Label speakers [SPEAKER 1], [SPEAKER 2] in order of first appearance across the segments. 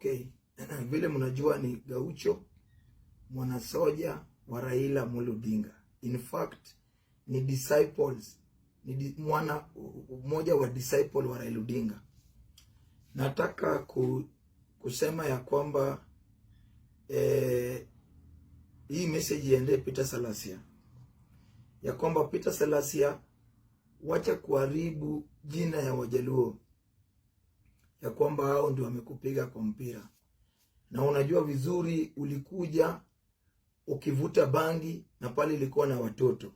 [SPEAKER 1] Okay, vile mnajua ni Gaucho mwanasoja wa Raila Amolo Odinga. In fact ni disciples ni mwana mmoja wa disciple wa Raila Odinga. Nataka ku, kusema ya kwamba eh, hii message iende Peter Salasia ya kwamba Peter Salasia, wacha kuharibu jina ya Wajaluo ya kwamba hao ndio wamekupiga kwa mpira, na unajua vizuri ulikuja ukivuta bangi na pale ilikuwa na watoto,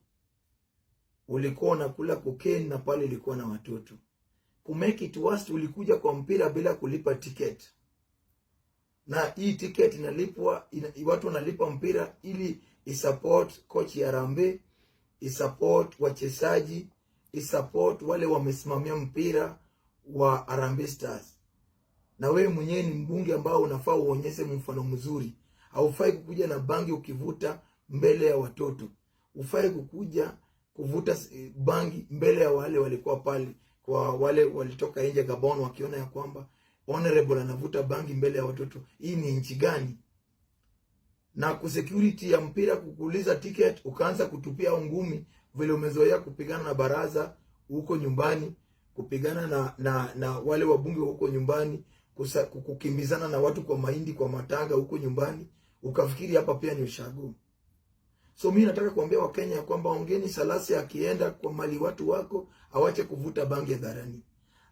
[SPEAKER 1] ulikuwa unakula kokeni na pale ilikuwa na watoto. To make it worse, ulikuja kwa mpira bila kulipa tiketi, na hii tiketi inalipwa ina, watu wanalipa mpira ili isupport coach ya Rambe, isupport wachezaji, isupport wale wamesimamia mpira wa Harambee Stars na wewe mwenyewe ni mbunge ambao unafaa uonyeshe mfano mzuri. Haufai kukuja na bangi ukivuta mbele ya watoto, ufai kukuja kuvuta eh, bangi mbele ya wale walikuwa pale, kwa wale walitoka nje Gabon, wakiona ya kwamba honorable anavuta bangi mbele ya watoto. Hii ni nchi gani? Na ku security ya mpira kukuuliza ticket ukaanza kutupia ngumi vile umezoea kupigana na baraza huko nyumbani, kupigana na, na, na wale wabunge huko nyumbani, kusa, kukimbizana na watu kwa mahindi kwa matanga huko nyumbani, ukafikiri hapa pia ni ushago. So mimi nataka kuambia Wakenya kwamba ongeni Salasi akienda kwa mali watu wako awache kuvuta bangi hadharani.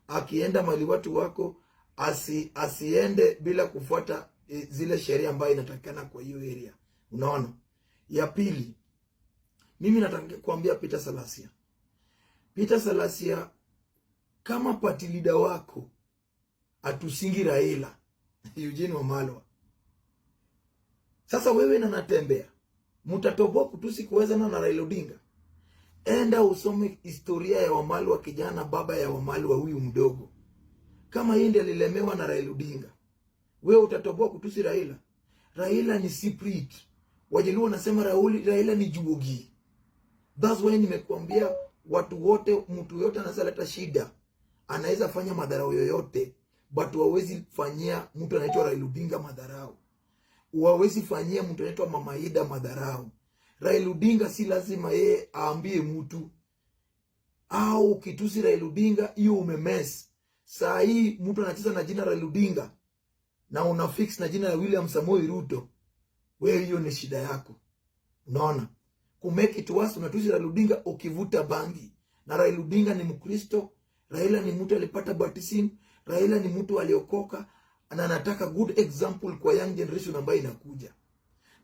[SPEAKER 1] Akienda mali watu wako asi, asiende bila kufuata e, zile sheria ambayo inatakikana kwa hiyo area. Unaona? Ya pili, mimi nataka kuambia Peter Salasia. Peter Salasia kama party leader wako atusingi Raila Eugene Wamalwa. Sasa wewe na natembea mtatoboa kutusi kuwezana na Raila Odinga? Enda usome historia ya Wamalwa, kijana baba ya Wamalwa huyu mdogo, kama yeye ndiye alilemewa na Raila Odinga, wewe utatoboa kutusi Raila? Raila ni siprit, Wajaluo wanasema Raila ni juogi. That's why nimekuambia watu wote, mtu yote anaweza leta shida, anaweza fanya madharau yoyote but wawezi fanyia mtu anaitwa Raila Odinga madharau, wawezi fanyia mtu anaitwa Mama Ida madharau. Raila Odinga si lazima yeye aambie mtu au kitusi Raila Odinga, hiyo umemess. Saa hii mtu anacheza na jina Raila Odinga na una fix na jina la William Samoei Ruto, wewe hiyo ni shida yako. Unaona, ku make it worse, unatusi Raila Odinga ukivuta bangi, na Raila Odinga ni Mkristo. Raila ni mtu alipata baptism Raila ni mtu aliokoka na anataka good example kwa young generation ambayo inakuja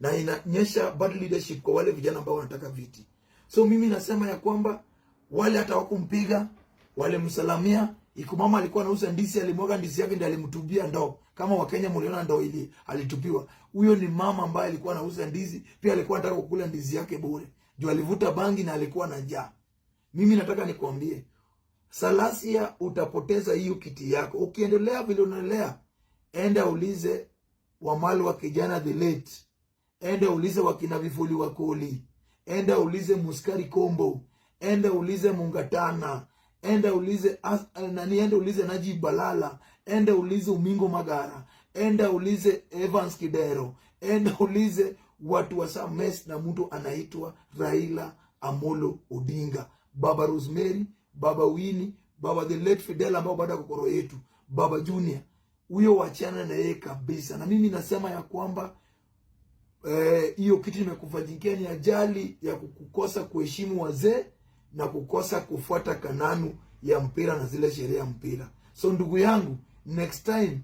[SPEAKER 1] na inanyesha bad leadership kwa wale vijana ambao wanataka viti. So mimi nasema ya kwamba wale hata wakumpiga walimsalamia. mama alikuwa anauza ndizi, alimwaga ndizi yake, ndiye alimtubia ndoo. Kama Wakenya mliona ndoo ile alitupiwa, huyo ni mama ambaye alikuwa anauza ndizi, pia alikuwa anataka kukula ndizi yake bure juu alivuta bangi na alikuwa na njaa. Mimi nataka nikwambie Salasia, utapoteza hiyo kiti yako ukiendelea vile unaendelea. Enda ulize wamali wa kijana the late, enda ulize wakina Vifuli Koli, enda ulize Muskari Kombo, enda ulize Mungatana, enda ulize eh, nani, enda ulize Najib Balala, enda ulize Umingo Magara, enda ulize Evans Kidero, enda ulize watu wa Sames na mtu anaitwa Raila Amolo Odinga, Baba Rosemary baba Wini, baba the late Fidel ambao bado ako roho yetu, baba Junior, huyo wachana na yeye kabisa. Na mimi nasema ya kwamba eh, hiyo eh, kitu imekufanyikia ni ajali ya kukosa kuheshimu wazee na kukosa kufuata kananu ya mpira na zile sheria ya mpira. So ndugu yangu, next time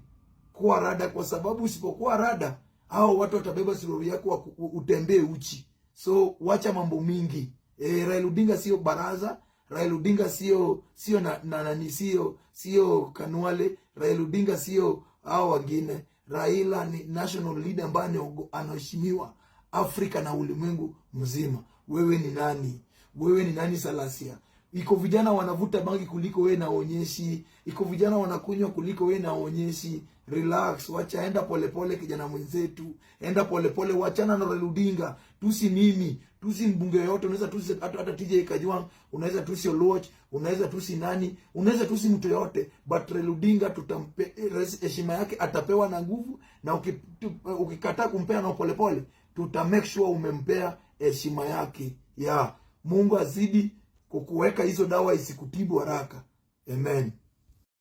[SPEAKER 1] kuwa rada, kwa sababu usipokuwa rada hao watu watabeba suruali yako utembee uchi. So wacha mambo mingi. E, Raila Odinga sio baraza Raila Odinga sio sio na, na ni sio sio Kanuale. Raila Odinga sio hao wengine. Raila ni national leader ambaye anaheshimiwa Afrika na ulimwengu mzima. Wewe ni nani? Wewe ni nani Salasia? iko vijana wanavuta bangi kuliko wewe na onyeshi, iko vijana wanakunywa kuliko wewe na onyeshi. Relax, wacha enda polepole, kijana mwenzetu, enda polepole, wachana na Reludinga. Tusi mimi, tusi mbunge yoyote, unaweza tusi hata hata TJ Kajwang, unaweza tusi Oluoch, unaweza tusi nani, unaweza tusi mtu yoyote, but Reludinga tutampe heshima yake, atapewa na nguvu, na ukikataa kumpea na polepole, tuta make sure umempea heshima yake. Ya yeah. Mungu azidi kukuweka hizo dawa isikutibu haraka. Amen.